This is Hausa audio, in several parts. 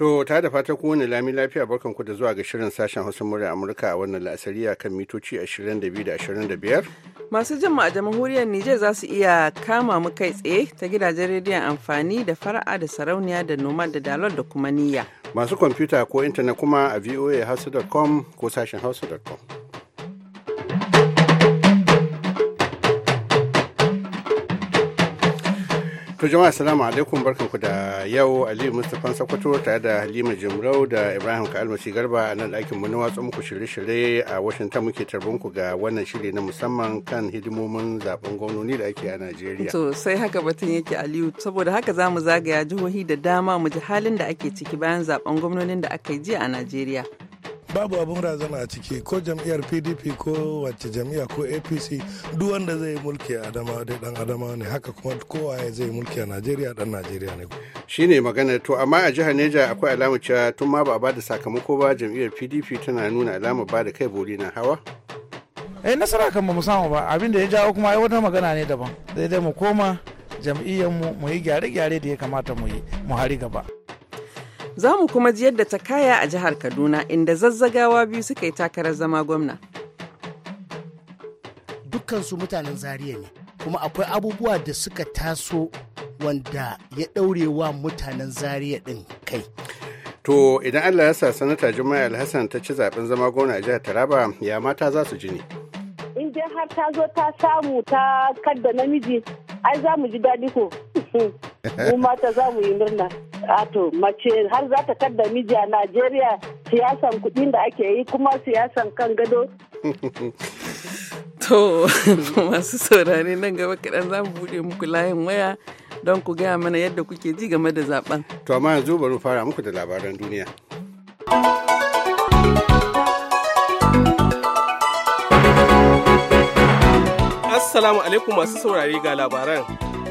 To ta da fata kowane lami lafiya barkan ku da zuwa ga shirin sashen Hausa murya Amurka a wannan la'asariya kan mitoci 22 da 25. Masu jin a jamhuriyar Nijar za su iya kama mu kai tsaye ta gidajen rediyon amfani da fara'a da sarauniya da noma da dalar da kuma niyya. Masu kwamfuta ko intanet kuma a voahausa.com ko sashen hausa.com. To jama'a salamu alaikum barkanku da yau Aliyu Mustapha sakwato tare da Halima Jimrau da Ibrahim Kalmasi Garba a nan ɗakin mu na watsa muku shirye-shirye a Washington muke tarbon ku ga wannan shiri na musamman kan hidimomin zaben gwamnoni da ake a Najeriya. To sai haka batun yake Aliyu saboda haka za mu zagaya jihohi da dama mu ji halin da ake ciki bayan zaben gwamnonin da aka yi jiya a Najeriya. babu abin razana a ciki ko jam'iyyar pdp ko wacce jam'iyya ko apc duk wanda zai mulki a adama dai dan adama ne haka kuma kowa ya zai mulki a najeriya dan najeriya ne shine magana to amma a jihar neja akwai alamar cewa tun ma ba a bada sakamako ba jam'iyyar pdp tana nuna alamar da kai bori na hawa eh nasara kan ba mu samu ba abin da ya jawo kuma ai wata magana ne daban daidai mu koma jam'iyyar mu mu yi gyare-gyare da ya kamata mu yi mu hari gaba Za mu kuma ji yadda ta kaya a jihar Kaduna inda zazzagawa biyu suka yi takarar zama gwamna. Dukkansu mutanen Zariya ne, kuma akwai abubuwa da suka taso wanda ya wa mutanen Zariya ɗin kai. To idan Allah ya sa sanata Juma'a Alhassan ta ci zaben zama gwamna a jihar Taraba ya mata za su ji ne. In har ta zo ta samu ta kadda namiji ai za mu ji daɗi ko. Mu mata za mu yi murna. ato mace har za ta kadda miji a najeriya siyasan kuɗin da ake yi kuma siyasan kan gado to masu saurare nan gaba kaɗan za mu buɗe muku layin waya don ku gaya mana yadda kuke ji game da zaben to amma yanzu bari fara muku da labaran duniya Assalamu alaikum masu saurari ga labaran.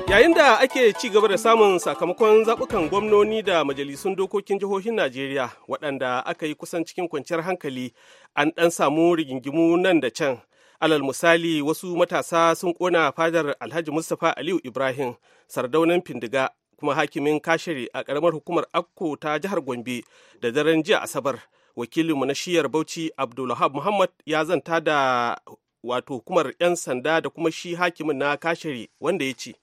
Yayin da ake ci gaba da samun sakamakon zaɓukan gwamnoni da majalisun dokokin jihohin Najeriya waɗanda aka yi kusan cikin kwanciyar hankali an ɗan samu rigingimu nan da can. Alal misali wasu matasa sun ƙona fadar Alhaji Mustapha Aliyu Ibrahim sardaunan Findiga kuma hakimin kashiri a ƙaramar hukumar Akko ta jihar Gombe da daren jiya Asabar. Wakilinmu na shiyar Bauchi Abdulhab Muhammad ya zanta da wato hukumar 'yan sanda da kuma shi hakimin na kashiri wanda ya ce.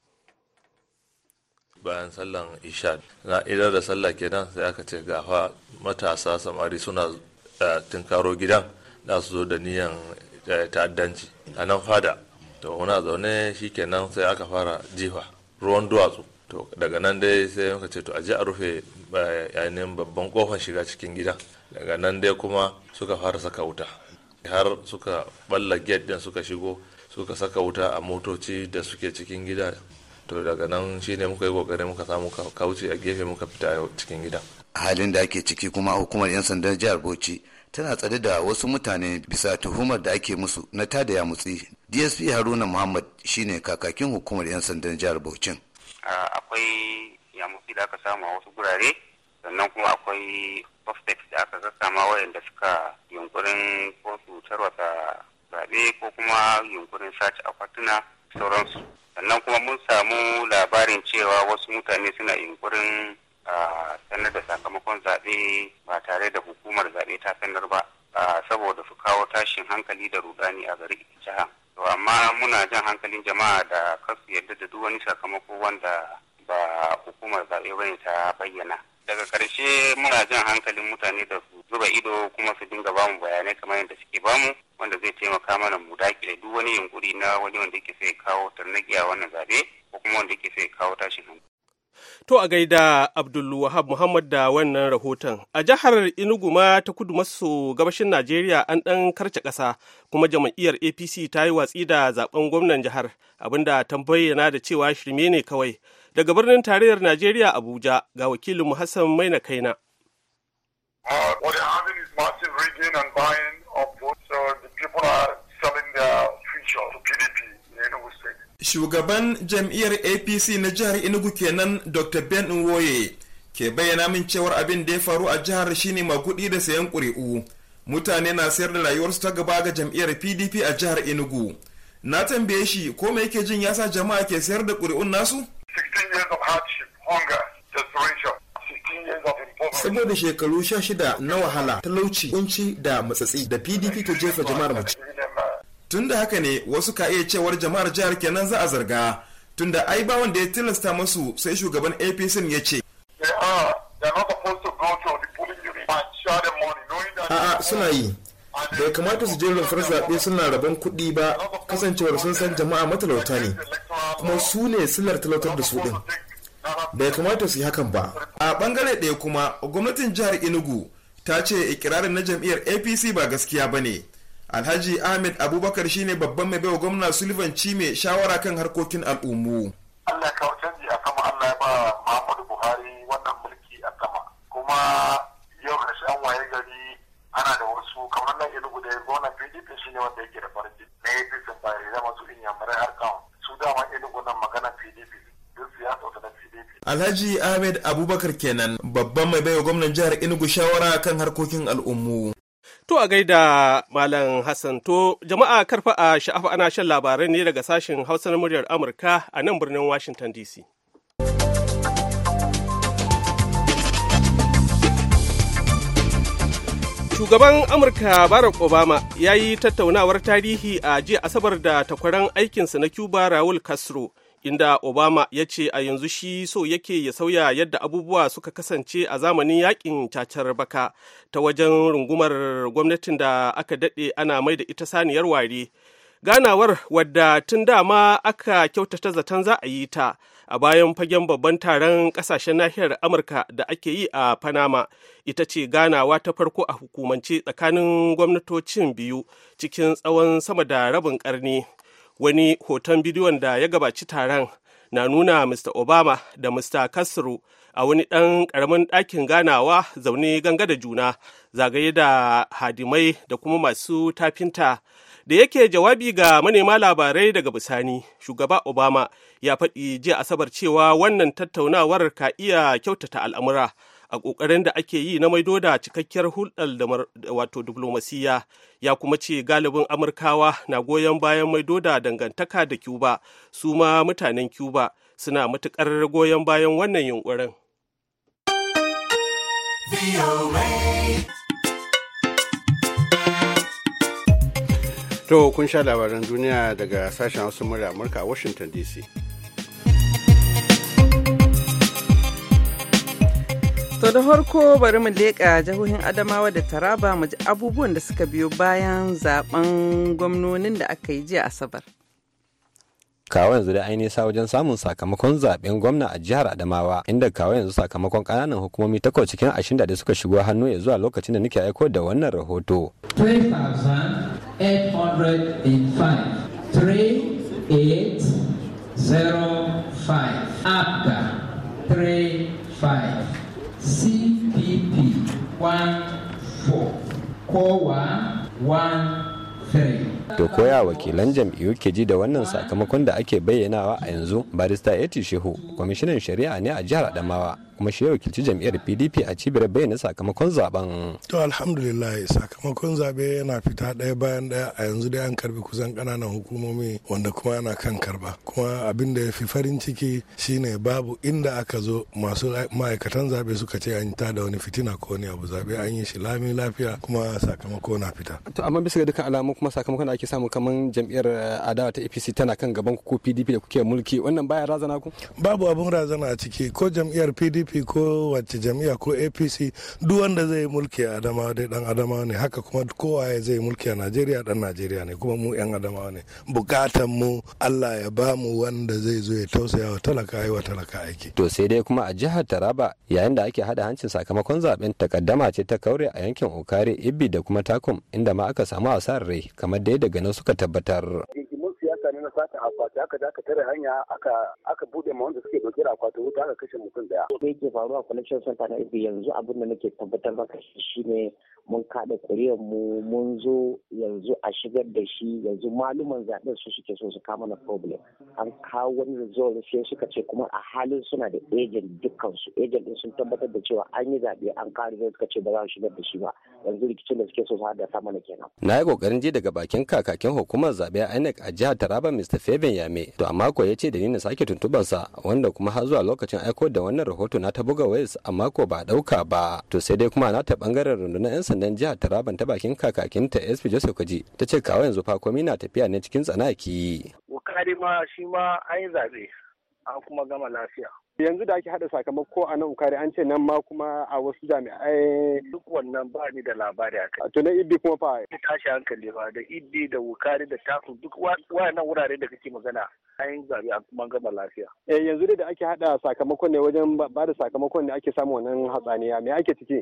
bayan sallan isha na idar da sallah kenan sai aka ce gafa matasa samari suna eh, tinkaro gidan da su zo da niyan eh, ta'addanci a nan fada to muna zaune shi kenan sai aka fara jifa ruwan duwatsu to daga nan dai sai muka ce to aje a rufe yayin eh, babban kofar shiga cikin gidan daga nan dai kuma suka fara saka wuta har suka balla gate din suka shigo suka saka wuta a motoci da suke cikin gida to daga nan shi shine muka yi kokari muka samu kauce a gefe muka fita cikin gidan halin da ake ciki kuma hukumar 'yan sandan jihar bauchi tana tsare da wasu mutane bisa tuhumar da ake musu na tada ya mutsi dsp haruna muhammad shine kakakin hukumar 'yan sandan jihar bauchi akwai mutsi da aka samu a wasu gurare sannan kuma akwai suspect da aka sassama wayanda suka yunkurin ko su tarwata zaɓe ko kuma yunkurin sace a akwatuna sauransu sannan kuma mun samu labarin cewa wasu mutane suna yunkurin sanar da sakamakon zaɓe ba tare da hukumar zaɓe ta sanar ba saboda su kawo tashin hankali da rudani a gari jiha to amma muna jan hankalin jama'a da kasu yadda da duk wani sakamako wanda ba hukumar zaɓe bane ta bayyana daga karshe muna jan hankalin mutane da su zuba ido kuma su dinga bamu bayanai kamar yadda suke bamu wanda zai taimaka mana mu dakile duk wani yunkuri na wani wanda yake sai kawo tarnaƙi wannan zabe ko kuma wanda yake sai kawo tashin hankali. To a gaida Abdulwahab Muhammad da wannan rahoton. A jihar Enugu ma ta kudu maso gabashin Najeriya an ɗan karce ƙasa kuma jam'iyyar APC ta yi watsi da zaben gwamnan jihar abinda ta bayyana da cewa shirme ne kawai. Daga birnin tarayyar Najeriya Abuja ga wakilin Hassan Maina Kaina. Uh, ah, what Shugaban jam'iyyar APC na jihar Enugu kenan Dr. Ben Nwoye ke bayyana min cewar abin da ya faru a jihar shine kuɗi da sayan ƙuri'u. Mutane na sayar da rayuwarsu ta gaba ga jam'iyyar PDP a jihar Enugu. Na tambaye shi ko me yake jin yasa jama'a ke sayar da ƙuri'un nasu? Saboda shekaru sha shida na wahala, talauci, kunci da matsatsi da PDP ta jefa jama'ar mace. tunda haka ne wasu ka iya cewar jama'ar jihar kenan za a zarga tunda ai ba wanda ya tilasta masu sai shugaban apc ya ce a'a suna yi bai kamata su je rumfar zaɓe suna rabon kuɗi ba kasancewar sun san jama'a matalauta ne kuma su ne silar talautar da su ɗin bai kamata su yi hakan ba a ɓangare ɗaya kuma gwamnatin jihar inugu ta ce ikirarin na jam'iyyar apc ba gaskiya ba ne alhaji ahmed abubakar shine babban mai baiwa gwamna sullivan mai shawara kan harkokin al'ummu allah kawo canji a sama allah ya ba muhammadu buhari wannan mulki a sama kuma yau gashi an waye gari ana da wasu kamar nan ilugu da gwamnan pdp ne wanda yake da farin na na fi ba ya zama su inyamurai har kan su dama ilugu nan magana pdp duk siyasa na pdp alhaji ahmed abubakar kenan babban mai baiwa gwamnan jihar enugu shawara kan harkokin al'ummu To a gaida Malam Hassan to jama'a karfa a sha'afa ana shan labarai ne daga sashen Hausa na muryar Amurka a nan birnin Washington DC. Shugaban Amurka Barack Obama ya yi tattaunawar tarihi a jiya Asabar da takwaran aikinsa na Cuba Raul Castro. inda obama ya ce a yanzu shi so yake ya sauya yadda abubuwa suka kasance a zamanin yakin cacar baka ta wajen rungumar gwamnatin da aka daɗe ana mai da ita saniyar ware ganawar wadda tun dama aka kyautata zaton za a yi ta a bayan fagen babban taron kasashen nahiyar amurka da ake yi a panama ita ce ganawa ta farko a hukumance tsakanin gwamnatocin biyu cikin tsawon sama da rabin ƙarni. wani hoton bidiyon da ya gabaci taron na nuna mr obama da mr castro a wani ɗan ƙaramin ɗakin ganawa zaune ganga da juna zagaye da hadimai da kuma masu tafinta da yake jawabi ga manema labarai daga bisani shugaba obama ya faɗi jiya asabar cewa wannan tattaunawar ka iya kyautata al'amura a ƙoƙarin da ake yi na maido da cikakkiyar hulɗar da wato diplomasiya ya kuma ce galibin amurkawa na goyon bayan maido da dangantaka da cuba su ma mutanen cuba suna matuƙar goyon bayan wannan yunƙurin. To kun sha labaran duniya daga sashen Hausa murya Amurka a Washington DC. So da harko bari mu leƙa jihohin Adamawa da Taraba mu ji abubuwan da suka biyo bayan zaben gwamnonin da aka yi jiya Asabar. kawo yanzu da ainihin sa wajen samun sakamakon zaben gwamna a jihar adamawa inda kawo yanzu sakamakon kananan hukumomi takwas cikin ashirin da suka shigo hannu ya zuwa lokacin da nake aiko da wannan rahoto 3805 abga 35 CPP one four Kowa one three. to koya wakilan jam'iyyu ke ji da wannan sakamakon da ake bayyanawa a yanzu barista eti shehu kwamishinan shari'a ne a jihar adamawa kuma shi ya wakilci jam'iyyar pdp a cibiyar bayyana sakamakon zaben to alhamdulillah sakamakon zabe yana fita ɗaya bayan ɗaya a yanzu dai an karbi kusan ƙananan hukumomi wanda kuma yana kan karba kuma abin da ya fi farin ciki shine babu inda aka zo masu ma'aikatan zabe suka ce an ta da wani fitina ko wani abu zabe an yi shi lami lafiya kuma sakamako na fita to amma bisa ga dukkan alamu kuma sakamakon ake kuke samu kamar jam'iyyar eh, adawa ta apc tana kan gaban ku ko pdp da kuke mulki wannan baya razana ku babu abun razana a ciki ko jam'iyyar pdp ko wacce jam'iyya ko apc duk wanda zai mulki a adamawa dai dan adamawa ne haka kuma kowa ya zai mulki a najeriya dan najeriya ne kuma mu yan adamawa ne bukatan mu allah ya ba mu wanda zai zo ya tausaya wa talaka yi wa talaka aiki to sai dai kuma a jihar taraba yayin da ake hada hancin sakamakon zaben takaddama ce ta kaure a yankin okare ibbi da kuma takum inda ma aka samu asarar rai kamar da yadda maganganun suka tabbatar. Rigimin siyasa ne na sata da aka da aka tare hanya aka aka bude ma wanda suke dauke da akwatin wuta aka kashe mutum daya da yake faruwa connection center na ibi yanzu abin da nake tabbatar maka shine mun kada kuriyar mu mun zo yanzu a shigar da shi yanzu maluman zaben su suke so su kama na problem an kawo wani result sai suka ce kuma a halin suna da agent dukkan su agent din sun tabbatar da cewa an yi zaɓe an kawo result suka ce ba za su shigar da shi ba yanzu rikicin da suke so su ta mana kenan na yi kokarin je daga bakin kakakin hukumar zabe INEC a jihar Taraba Mr. Feben ya to amma ko ya ce da ni na sake tuntubarsa wanda kuma har zuwa lokacin aiko da wannan rahoto na ta buga wayas amma ko ba dauka ba to sai dai kuma na ta bangaren rundunar yan sandan jihar taraban ta bakin kakakin ta sp joseph kaji ta ce kawo yanzu fa komi na tafiya ne cikin tsanaki. Wakari ma shi ma an yi zaɓe an kuma gama lafiya. yanzu da ake hada sakamako a nan ukari an ce nan ma kuma a wasu jami'ai duk wannan ba ni da labari akai to na Idi kuma fa ya tashi hankali ba da idi da wukari da taku duk wayannan wurare da kake magana an zabi an kuma gama lafiya eh yanzu da ake hada sakamakon ne wajen ba da sakamakon ne ake samu wannan hatsaniya me ake ciki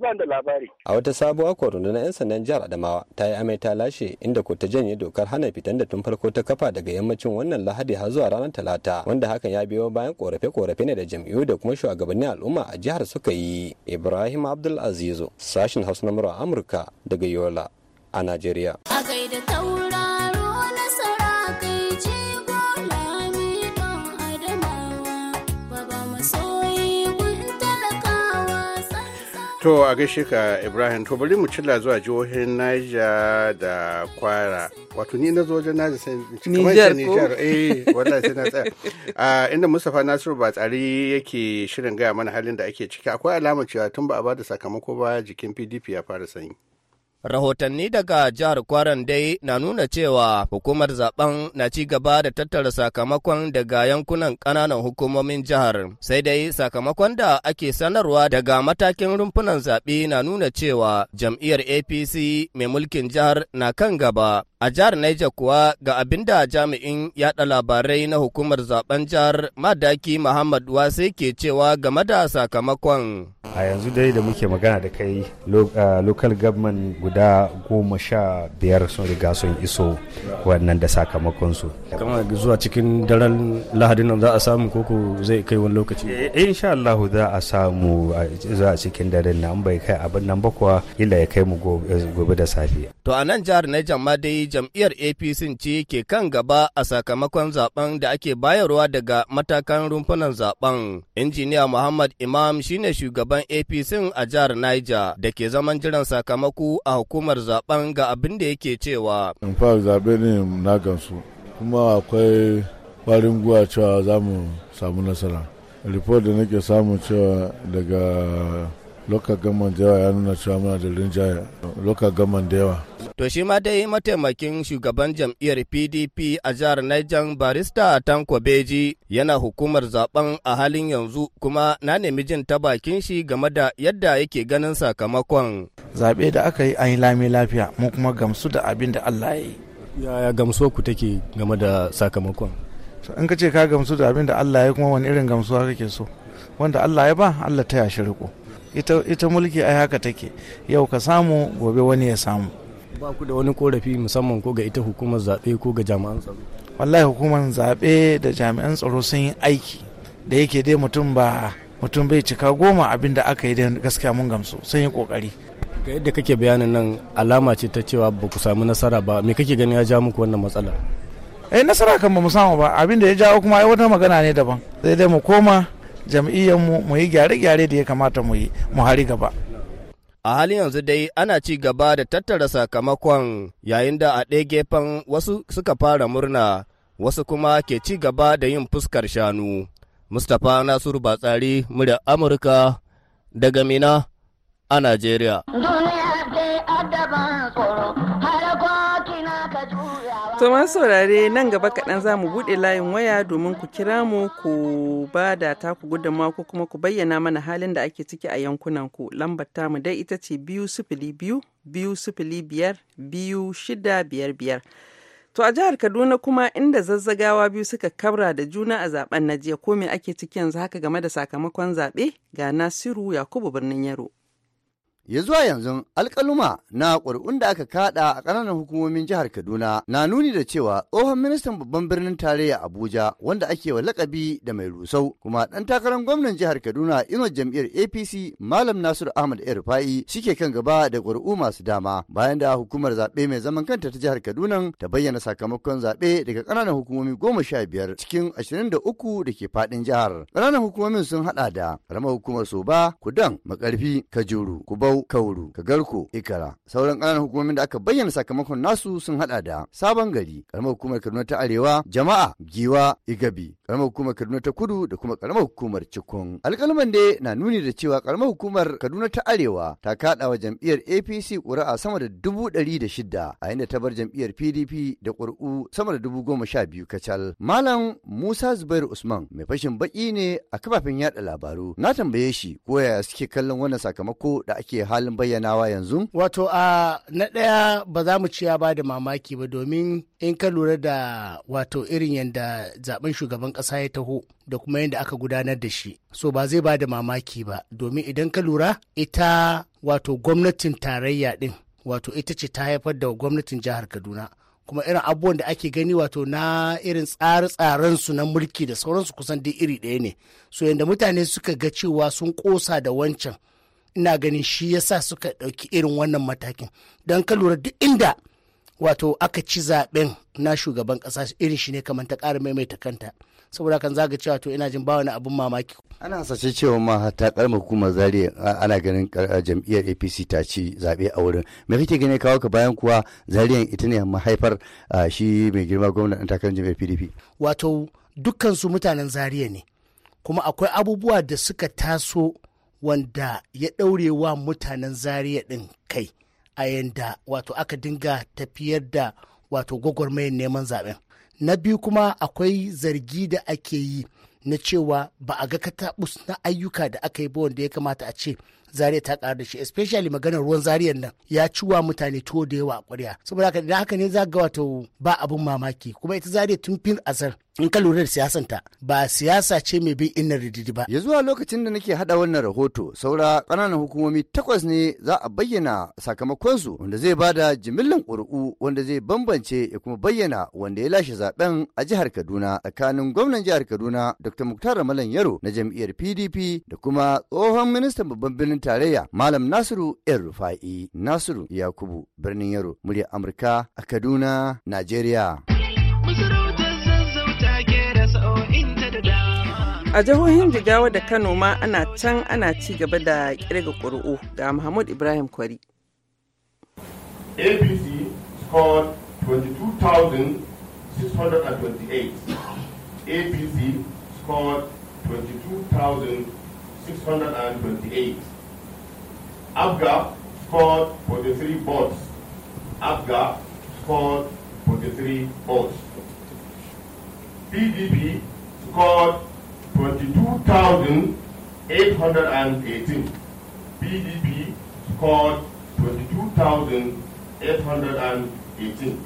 ba da labari a wata sabuwa koruna na yan sandan jihar Adamawa ta yi amai ta lashe inda ko ta janye dokar hana fitan da tun farko ta kafa daga yammacin wannan Lahadi har zuwa ranar Talata wanda hakan ya biyo bayan korafe-korafe korafe ne da jam'iyyu da kuma shugabannin al'umma a jihar suka yi ibrahim abdul azizu sashin hausa na amurka daga yola a najeriya a To a gaishe ka Ibrahim to bari mu cilla zuwa jihohin Niger da Kwara. Wato ni na wajen Niger sai Niger ko eh wallahi sai na tsaya. inda Mustapha Nasiru ba tsari yake shirin gaya mana halin da ake ciki akwai alamar cewa tun ba a bada sakamako ba jikin PDP ya fara sanyi. Rahotanni daga jihar Kwaran dai na nuna cewa hukumar zaben na ci gaba da tattara sakamakon daga yankunan kananan hukumomin jihar. Sai dai sakamakon da ake sanarwa daga matakin rumfunan zaɓe na nuna cewa jam'iyyar APC mai mulkin jihar na kan gaba. A jihar Niger kuwa ga abin da jami'in yaɗa labarai na hukumar zaben jihar Madaki Muhammad Wase ke cewa game da sakamakon. A yanzu dai da muke magana da kai ah, local government guda goma sha biyar sun riga sun iso wannan da sakamakonsu zuwa cikin daren lahadin nan za a samu koko zai kai wani lokaci eh, insha Allah za a samu zuwa cikin daren nan bai kai abin nan bakwa illa ya kai mu gobe da safe to a nan jihar Niger ma dai jam'iyyar APC ce ke kan gaba a sakamakon zaben da ake bayarwa daga matakan rumfunan zaben injiniya Muhammad Imam shine shugaban APC a jihar Niger da ke zaman jiran sakamako a hukumar zaben ga abin da yake cewa. In fa zaɓe ne na gansu kuma akwai kwarin guwa cewa za mu samu nasara. Report da nake samu cewa daga local government da yawa ya nuna cewa muna da rinjaya local government da yawa to shi ma dai mataimakin shugaban jam'iyyar pdp a jihar niger barista tanko beji yana hukumar zaben a halin yanzu kuma na nemi jin ta bakin shi game da yadda yake ganin sakamakon zaɓe da aka yi an yi lami lafiya mu kuma gamsu da abin da allah ya yi yaya gamsuwa ku take game da sakamakon in ka ce ka gamsu da abin da allah ya kuma wani irin gamsuwa kake so wanda allah ya ba allah ta yashi riko ita, mulki ai haka take yau ka samu gobe wani ya samu ba ku da wani korafi musamman ko ga ita hukumar zaɓe ko ga jami'an tsaro wallahi hukumar zaɓe da jami'an tsaro sun yi aiki da yake dai mutum ba mutum bai cika goma abin da aka yi da gaskiya mun gamsu sun yi kokari ga yadda kake bayanin nan alama ce ta cewa ba ku samu nasara ba me kake gani ya ja muku wannan matsala eh nasara kan ba mu samu ba abin da ya jawo kuma ai wata magana ne daban sai dai mu koma jam'iyyarmu mu yi gyare-gyare da ya kamata mu yi mu hari gaba. A halin yanzu dai ana ci gaba da tattara sakamakon yayin da a ɗaya gefen wasu suka fara murna wasu kuma ke ci gaba da yin fuskar shanu. Mustapha Nasiru Batsari, murya Amurka daga Mina a Najeriya. Tuma saurare nan gaba kaɗan za mu buɗe layin waya domin ku kira mu ku ba da taku gudunmawa ko kuma ku bayyana mana halin da ake ciki a yankunan ku. Lambar tamu dai ita ce biyu sifili biyu biyu sifili biyar biyu shida biyar biyar. To a jihar Kaduna kuma inda zazzagawa biyu suka kabra da juna a zaben na jiya ko me ake ciki yanzu haka game da sakamakon zaɓe ga Nasiru Yakubu birnin Yaro. ya zuwa yanzu alkaluma na ƙuri'un da aka kaɗa a ƙananan hukumomin jihar kaduna na nuni da cewa tsohon ministan babban birnin tarayya abuja wanda ake wa lakabi da mai rusau kuma ɗan takarar gwamnan jihar kaduna ino jam'iyyar apc malam nasir ahmad erfa'i shike kan gaba da ƙuri'u masu dama bayan da hukumar zaɓe mai zaman kanta ta jihar kaduna ta bayyana sakamakon zaɓe daga ƙananan hukumomi goma sha biyar cikin ashirin da uku da ke faɗin jihar ƙananan hukumomin sun haɗa da ƙaramar hukumar soba kudan makarfi kajuru kubau Gusau, Kauru, Kagarko, Ikara. Sauran ƙananan hukumomin da aka bayyana sakamakon nasu sun hada da Sabon Gari, ƙaramar hukumar Kaduna ta Arewa, Jama'a, Giwa, Igabi, ƙaramar hukumar Kaduna ta Kudu da kuma ƙaramar hukumar Cikun. Alƙalman dai na nuni da cewa ƙaramar hukumar Kaduna ta Arewa ta kaɗa wa jam'iyyar APC ƙuri'a sama da dubu ɗari da shida a inda ta bar jam'iyyar PDP da ƙuri'u sama da dubu goma sha biyu kacal. Malam Musa Zubairu Usman mai fashin baƙi ne a kafafen yaɗa labaru. Na tambaye shi ko yaya suke kallon wannan sakamako da ake halin bayyanawa yanzu? Wato a na ɗaya ba za mu ciya ba da mamaki ba domin in ka lura da wato irin yadda zaben shugaban ƙasa ya taho da kuma yadda aka gudanar da shi. So ba zai ba da mamaki ba domin idan ka lura ita wato gwamnatin tarayya ɗin wato ita ce ta haifar da gwamnatin jihar Kaduna. kuma irin abubuwan da ake gani wato na irin tsare-tsaren su na mulki da sauransu kusan duk iri ɗaya ne so yadda mutane suka ga cewa sun ƙosa da wancan ina ganin shi yasa suka ɗauki irin wannan matakin don ka lura duk inda wato aka ci zaben na shugaban ƙasa irin shi ne kamar ta ƙara maimaita kanta saboda kan zaga cewa to ina jin bawani abin mamaki ana hasashe cewa ma ta kalmar hukumar zariya ana ganin jam'iyyar apc ta ci zaɓe a wurin me kake gani kawo ka bayan kuwa zariyan ita ne mahaifar shi mai girma gwamnan ɗan takarar jam'iyyar pdp wato dukkan su mutanen zariya ne kuma akwai abubuwa da suka taso wanda ya ɗaure wa mutanen zariya ɗin kai a yadda wato aka dinga tafiyar da wato gwagwarmayar neman zaɓen na biyu kuma akwai zargi da ake yi na cewa ba a ga katabus na ayyuka da aka yi ba wanda ya kamata a ce zariya ta ƙara da shi especially maganar ruwan zariyar nan ya ci wa mutane tuwo da yawa a ƙwarya saboda haka idan haka ne za ga wato ba abin mamaki kuma ita zariya tun fin azar in ka lura da siyasanta ba siyasa ce mai bin inna rididi ba. Ya zuwa lokacin da nake hada wannan rahoto saura kananan hukumomi takwas ne za a bayyana sakamakonsu wanda zai ba da jimillin ƙuri'u wanda zai bambance ya kuma bayyana wanda ya lashe zaben a jihar Kaduna tsakanin gwamnan jihar Kaduna Dr. Muktar Malam Yaro na jam'iyyar PDP da kuma tsohon ministan babban birnin tarayya Malam Nasiru El Rufai Nasiru Yakubu birnin Yaro muryar Amurka a Kaduna, Najeriya. A jihohin Jigawa da Kano ma ana can ana ci gaba da kirga ƙuri'u ga Muhammad Ibrahim Kwari. APC scored 22,628. APC scored 22,628. ABGA scored 43 votes. ABGA scored 43 votes. PDP scored 22,818. PDP scored 22,818.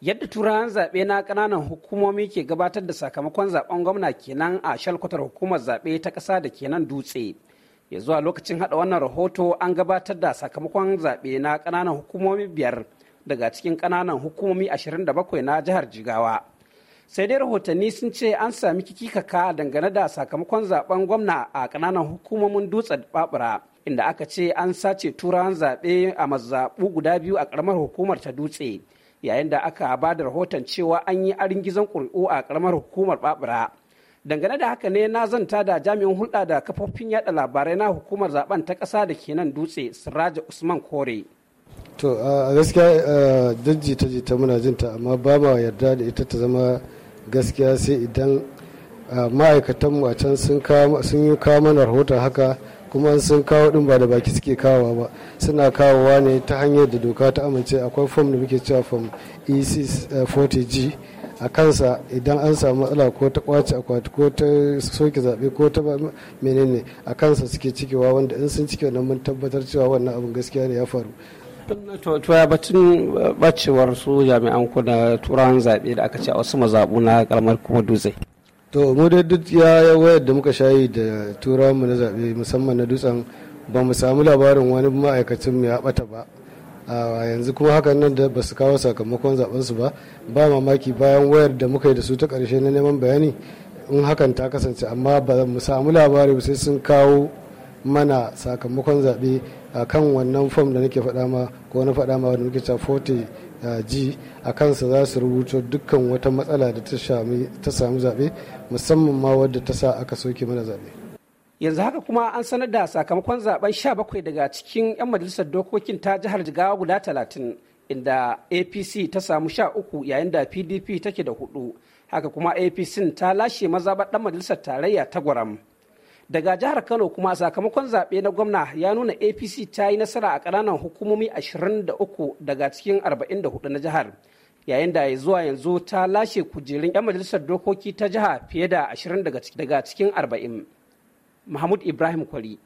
Yadda turawan zaɓe na ƙananan hukumomi ke gabatar da sakamakon zaɓen gwamna kenan a shalkwatar hukumar zaɓe ta ƙasa da kenan dutse. Ya zuwa lokacin haɗa wannan rahoto an gabatar da sakamakon zaɓe na ƙananan hukumomi biyar daga cikin ƙananan hukumomi 27 na jihar Jigawa. sai dai rahotanni sun ce an sami kikikaka dangane da sakamakon zaben gwamna a kananan hukumomin dutse babura inda aka ce an sace turawan zaɓe a mazaɓu guda biyu a ƙaramar hukumar ta dutse yayin da aka ba da rahoton cewa an yi gizon ƙuri'u a ƙaramar hukumar babura dangane da haka ne na zanta da jami'in hulɗa da kafofin yaɗa labarai na hukumar zaben ta ƙasa da ke nan dutse siraja usman kore to a gaskiya eh, jajji jita muna jinta amma ba ma yarda da ita ta zama gaskiya sai idan ah, ma'aikatan a can sun yi kama mana rahoton haka kuma sun kawo ɗin ba da baki suke kawowa ba suna kawowa ne ta hanyar da doka ta amince akwai fom da muke cewa fom ec40g eh, a kansa idan an samu matsala ko ta kwace akwati ko ta soke zaɓe ko ta menene a kansa suke cikewa wanda in sun cike wannan mun tabbatar cewa wannan abin gaskiya ne ya faru to ya batun eh, bacewar su jami'an ku na turan zaɓe da aka ce a wasu mazaɓu na kalmar kuma dutse to mu dai duk ya wayar da muka shayi da turan mu na zaɓe musamman na dutsen ba mu samu labarin wani ma'aikacin mu ya bata ba a yanzu kuma hakan nan da ba su kawo sakamakon zaben su ba ba mamaki bayan wayar da muka yi da su ta karshe na neman bayani in hakan ta kasance amma ba mu samu labari sai sun kawo mana sakamakon zaɓe a kan wannan fom da nake faɗa ma ko na faɗa ma wanda muke cewa 40 uh, g a kansa za su rubuto dukkan wata matsala da ta samu zaɓe musamman ma wadda ta sa aka soke mana zaɓe. yanzu haka kuma an sanar da sakamakon zaben 17 daga cikin 'yan majalisar dokokin ta jihar jigawa guda 30 inda apc ta samu sha uku yayin da pdp take da hudu haka kuma apc ta lashe mazaɓar ɗan majalisar tarayya ta gwaram daga jihar kano kuma sakamakon zaɓe na gwamna ya nuna apc ta yi nasara a ƙananan hukumomi 23 daga cikin 44 na jihar yayin da ya zuwa yanzu ta lashe kujerun 'yan majalisar dokoki ta jiha fiye da 20 daga cikin 40 mahmud ibrahim kwari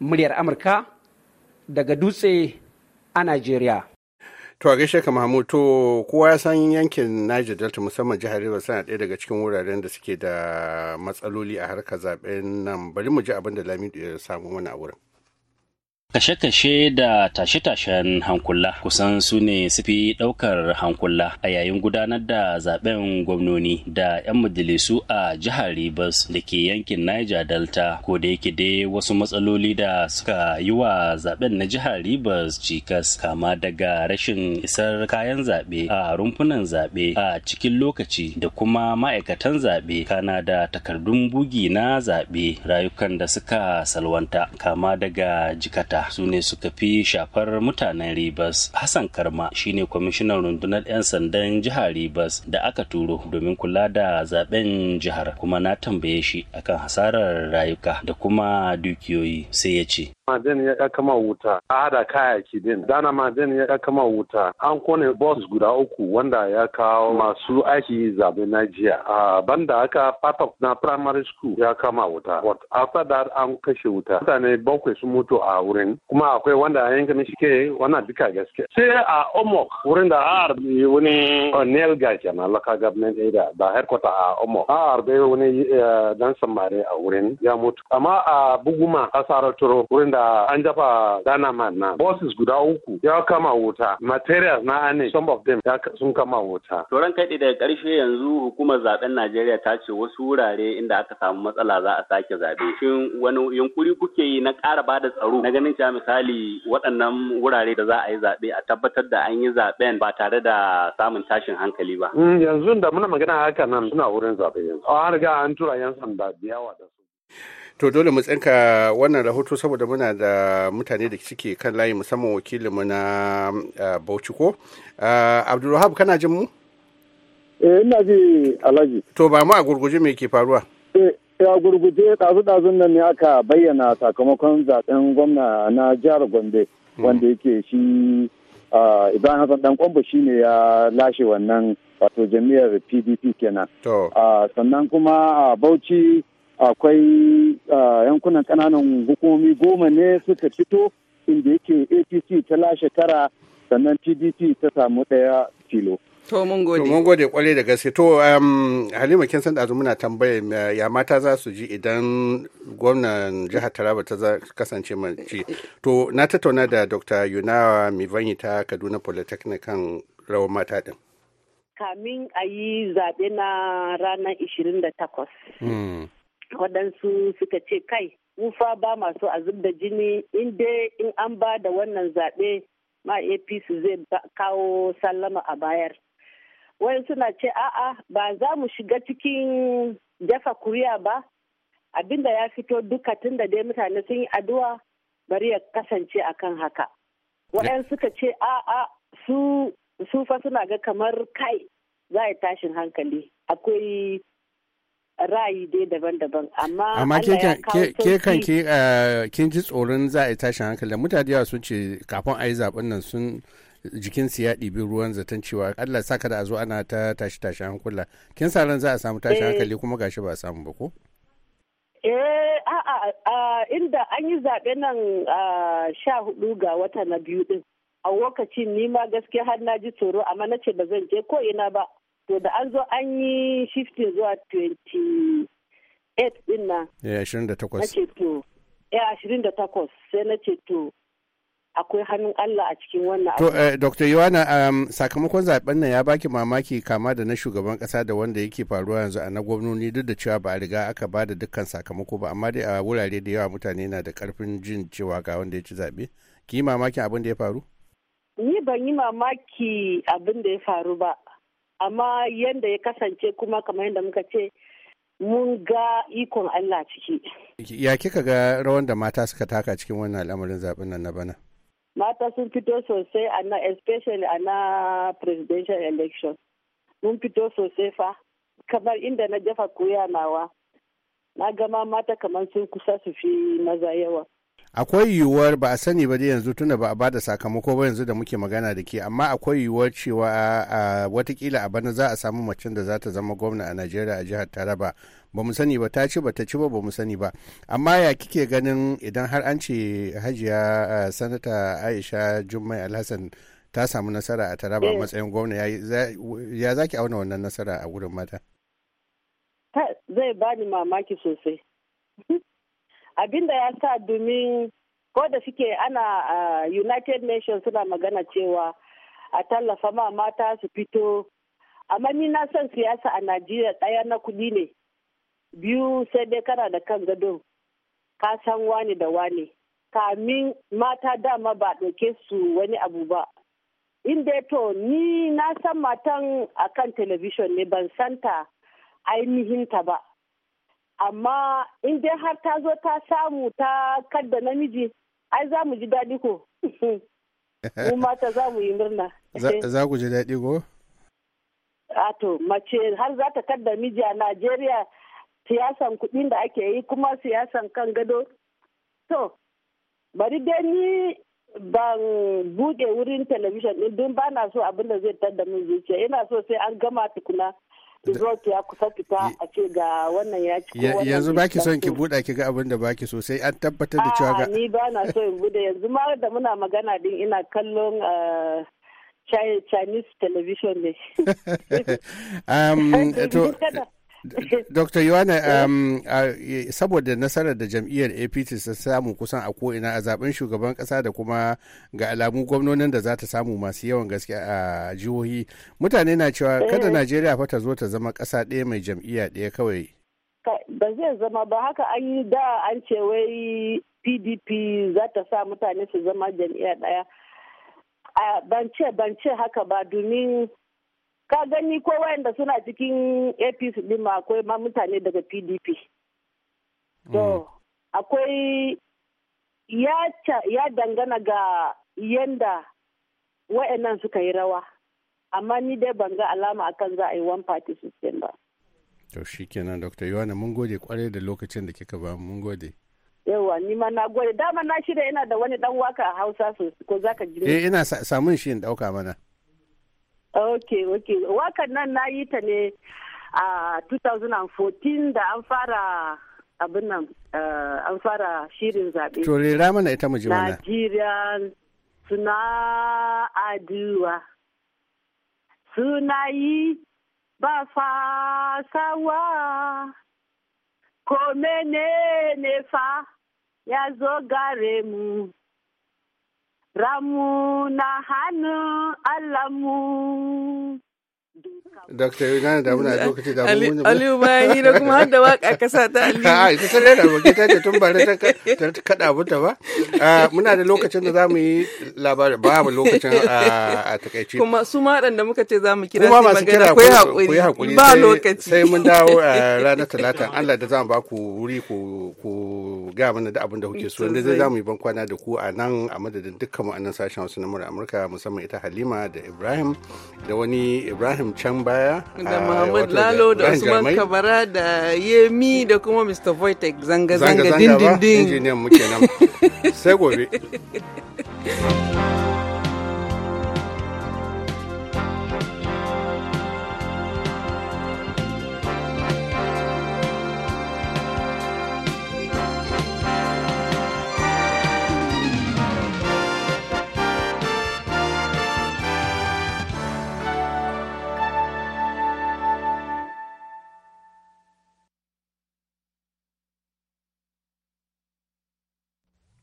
muryar amurka daga dutse a nigeria. To a gaishe ka Mahmud to kowa ya san yankin Niger Delta musamman jihar Rivers suna ɗaya daga cikin wuraren da suke da matsaloli a harkar zaben nan bari mu ji abin da Lamido ya samu wani a wurin. Kashe-kashe da tashe-tashen hankula kusan su ne sufi ɗaukar hankula a yayin gudanar da zaben gwamnoni da 'yan majalisu a jihar Rivers da ke yankin Niger Delta ko da yake dai wasu matsaloli da suka yi wa zaben na jihar Rivers cikas kama daga rashin isar kayan zaɓe a rumfunan zaɓe a cikin lokaci da kuma ma'aikatan zaɓe kana da takardun bugi na zaɓe rayukan da suka salwanta kama daga jikata. su ne suka fi shafar mutanen Ribas. Hassan Karma shine kwamishinan rundunar 'yan sandan jihar Ribas da aka turo domin kula da zaben jihar kuma na tambaye shi akan hasarar rayuka da kuma dukiyoyi sai ya ce. Madin ya kama wuta, a hada kayaki din. Dana Madin ya kama wuta, an kone bus guda uku wanda ya kawo masu aiki zabe na jiya. A banda haka part of na primary school ya kama wuta. But after that an kashe wuta. Mutane bakwai sun mutu a wurin. Kuma akwai wanda an yanka mishi ke wana duka gaske. Sai a Omok wurin da a harbi wani Neil Guy na local government area da herkota a Omok. A harbi wani eh, dan samare a wurin ya mutu. Amma a Buguma a Saratoro wurin da An an dafa man na bosses guda uku ya kama wuta materials na ane some of them sun kama wuta. Turan kai daga karshe yanzu hukumar zaben Najeriya ta ce wasu wurare inda aka samu matsala za a sake zabe Shin wani yunkuri kuke yi na ƙara bada tsaro na ganin cewa misali waɗannan wurare da za a yi zaɓe a tabbatar da an yi zaɓen ba tare da samun tashin hankali ba. Mm, yanzu da muna magana haka nan suna wurin zaɓe yanzu. An riga an tura 'yan sanda da yawa da su. to dole mu tsinka wannan rahoto saboda muna da mutane da suke kan layi musamman wakilinmu na bauchi ko abdulwahab kana jin mu eh ina ji alhaji to ba mu a gurguje me ke faruwa eh, a gurguje ɗazu-ɗazun nan ne aka bayyana sakamakon zaben gwamna na jihar gombe hmm. wanda yake shi ibrahim hassan dan kwambo shi ne ya lashe wannan wato jami'ar pdp kenan sannan kuma a bauchi akwai yankunan kananan hukumomi goma ne suka fito inda yake apc ta lashe tara sannan pdp ta samu daya filo To mun gode. mun gode kwarai da gaske. To um, Halima kin san ɗazu muna tambaya ya mata za su ji idan gwamnan jihar Taraba ta kasance mace. To na tattauna da Dr. Yunawa Mivanyi ta Kaduna Polytechnic kan rawar mata din. Kamin a yi zaɓe na ranar 28. waɗansu suka ce kai ufa ba masu azub da jini in dai in an ba da wannan zaɓe ma apc zai kawo sallama a bayar wani suna ce a'a ba za mu shiga cikin dafa kuriya ba abinda ya fito duka tun da dai mutane sun yi addu'a bari ya kasance kan haka wayan suka ce a'a su suna ga kamar kai za a tashin hankali akwai ra'ayi dai daban-daban amma amma ke kan ke eh, kin ji tsoron za a tashin hankali mutane yawa sun ce kafin a yi zaben nan sun jikin su ya ɗibi ruwan zaton cewa Allah saka da a zo ana ta tashi tashi hankula kin sa ran za a samu tashi eh. hankali kuma gashi ba a samu ba ko eh a a inda an yi zaɓe nan sha hudu ga wata na biyu din a lokacin ni ma gaskiya har na ji tsoro amma na ce ba zan je ko ina ba to da an zo an yi shiftin zuwa 28 din nan ya 28 na ce to ya 28 sai na ce to akwai hannun Allah a cikin wannan To, eh, Dr. Yohana, um, sakamakon zaben nan ya baki mamaki kama da na shugaban kasa da wanda yake faruwa yanzu a na gwamnoni duk da cewa ba a riga aka ba da dukkan sakamako ba, amma dai a wurare da yawa mutane na da karfin jin cewa ga wanda ya ci zaɓe. Ki yi mamakin abin da ya faru? Ni ban yi mamaki abin da ya faru ba, amma yadda ya kasance kuma kamar yadda muka ce mun ga ikon Allah ciki. Ya kika ga rawan da mata suka taka cikin wannan al'amarin zaɓen nan na bana? Mata sun fito sosai a na especially a na presidential election. Mun fito sosai fa, kamar inda na jafa koya nawa. Na gama mata kamar sun kusa su fi maza yawa. akwai yiwuwar ba a sani ba da yanzu tunda ba a bada sakamako ba yanzu da muke magana da ke amma akwai yiwuwar cewa a watakila a bana za a samu macen da za ta zama gwamna a najeriya a jihar taraba ba mu sani ba ta ci ba ta ci ba ba mu sani ba amma ya kike ganin idan har an ce hajiya sanata aisha jummai alhassan ta samu nasara a taraba a eh. matsayin gwamna ya zaki auna wannan nasara a gurin mata zai bani mamaki sosai abinda ya sa domin ko da suke ana uh, united nations suna magana cewa a tallafa ma mata su fito amma ni na son siyasa a najeriya ɗaya na kudi ne biyu sai dai kana da kan gado ka san wani da wani. kamin mata dama ba ɗauke su wani abu ba in dai to ni na san matan akan telebishon ne ban santa ainihinta ba amma in dai har ta zo ta samu ta kadda namiji ai za mu ji daɗi ko mu mata za mu yi murna za ku ji daɗi ko to mace har za ta kadda miji a najeriya siyasan kuɗin da ake yi kuma siyasan kan gado to bari dai ni ban buɗe wurin talabijin ɗin don ba na so abin da zai tadda min zuciya ina so sai an gama tukuna zuwa ki ya kusa fita a ce ga wannan ya ci yanzu baki son ki buɗa ki ga abin da baki so sai an tabbatar da cewa ga ni ba na so in buɗe yanzu ma da muna magana din ina kallon eh, Chinese television ne. um, to, Dr. Yohana, um, saboda nasarar da jam'iyyar APT ta samu kusan a ko'ina a zaben shugaban kasa da kuma ga alamu gwamnonin da za ta samu masu yawan gaske a jihohi, mutane na cewa kada eh. Najeriya fa ta zo ta zama kasa ɗaya mai jam'iyya ɗaya kawai. Ba zai zama ba haka an yi da an ce wai PDP za ta sa mutane su zama jam'iyya ɗaya. Ban ce ban haka ba domin ka gani ko wayanda suna cikin apc din ma akwai ma mutane daga pdp to mm. akwai ya dangana ga yanda wayannan suka yi rawa amma ni dai ban ga alama akan za a yi one party system ba to shikenan dr yohana mun gode kwarai da lokacin da kika ba mun gode yawa ni ma na gode dama na shirya ina da wani dan waka a hausa sosai ko zaka ji eh ina samun shi in dauka mana ok ok wakan nan na yi ta ne a 2014 da an fara abin nan eh, an fara shirin zaɓe. to ramana ita mu ji mana Najeriya suna aduwa suna yi ba fasawa ko menene fa ya zo gare mu ramu na hannu Dr. Yunana da muna lokaci da ba. Aliyu bayan da kuma har da waka kasa ta Aliyu. Ha, ita ta rera roki ta ce tun ba ta kada buta ba. Ah, muna da lokacin da za mu yi labarin babu lokacin ah, a takaici. Kuma su ma da muka ce za mu kira sai magana ku yi hakuri. Ba lokaci. Sai mun dawo ah, ranar talata Allah da za mu ba ku wuri ku ga mana da abin da kuke so. Inda zai za mu yi kwana da ku a nan a madadin dukkan mu a nan sashen wasu na Amurka musamman ita Halima da Ibrahim da wani Ibrahim can baya da ah, Muhammad Lalo da Usman Kabara da Yemi da kuma Mr. Voitek zanga-zanga dindindin. Injiniyan mu kenan. Sai gobe.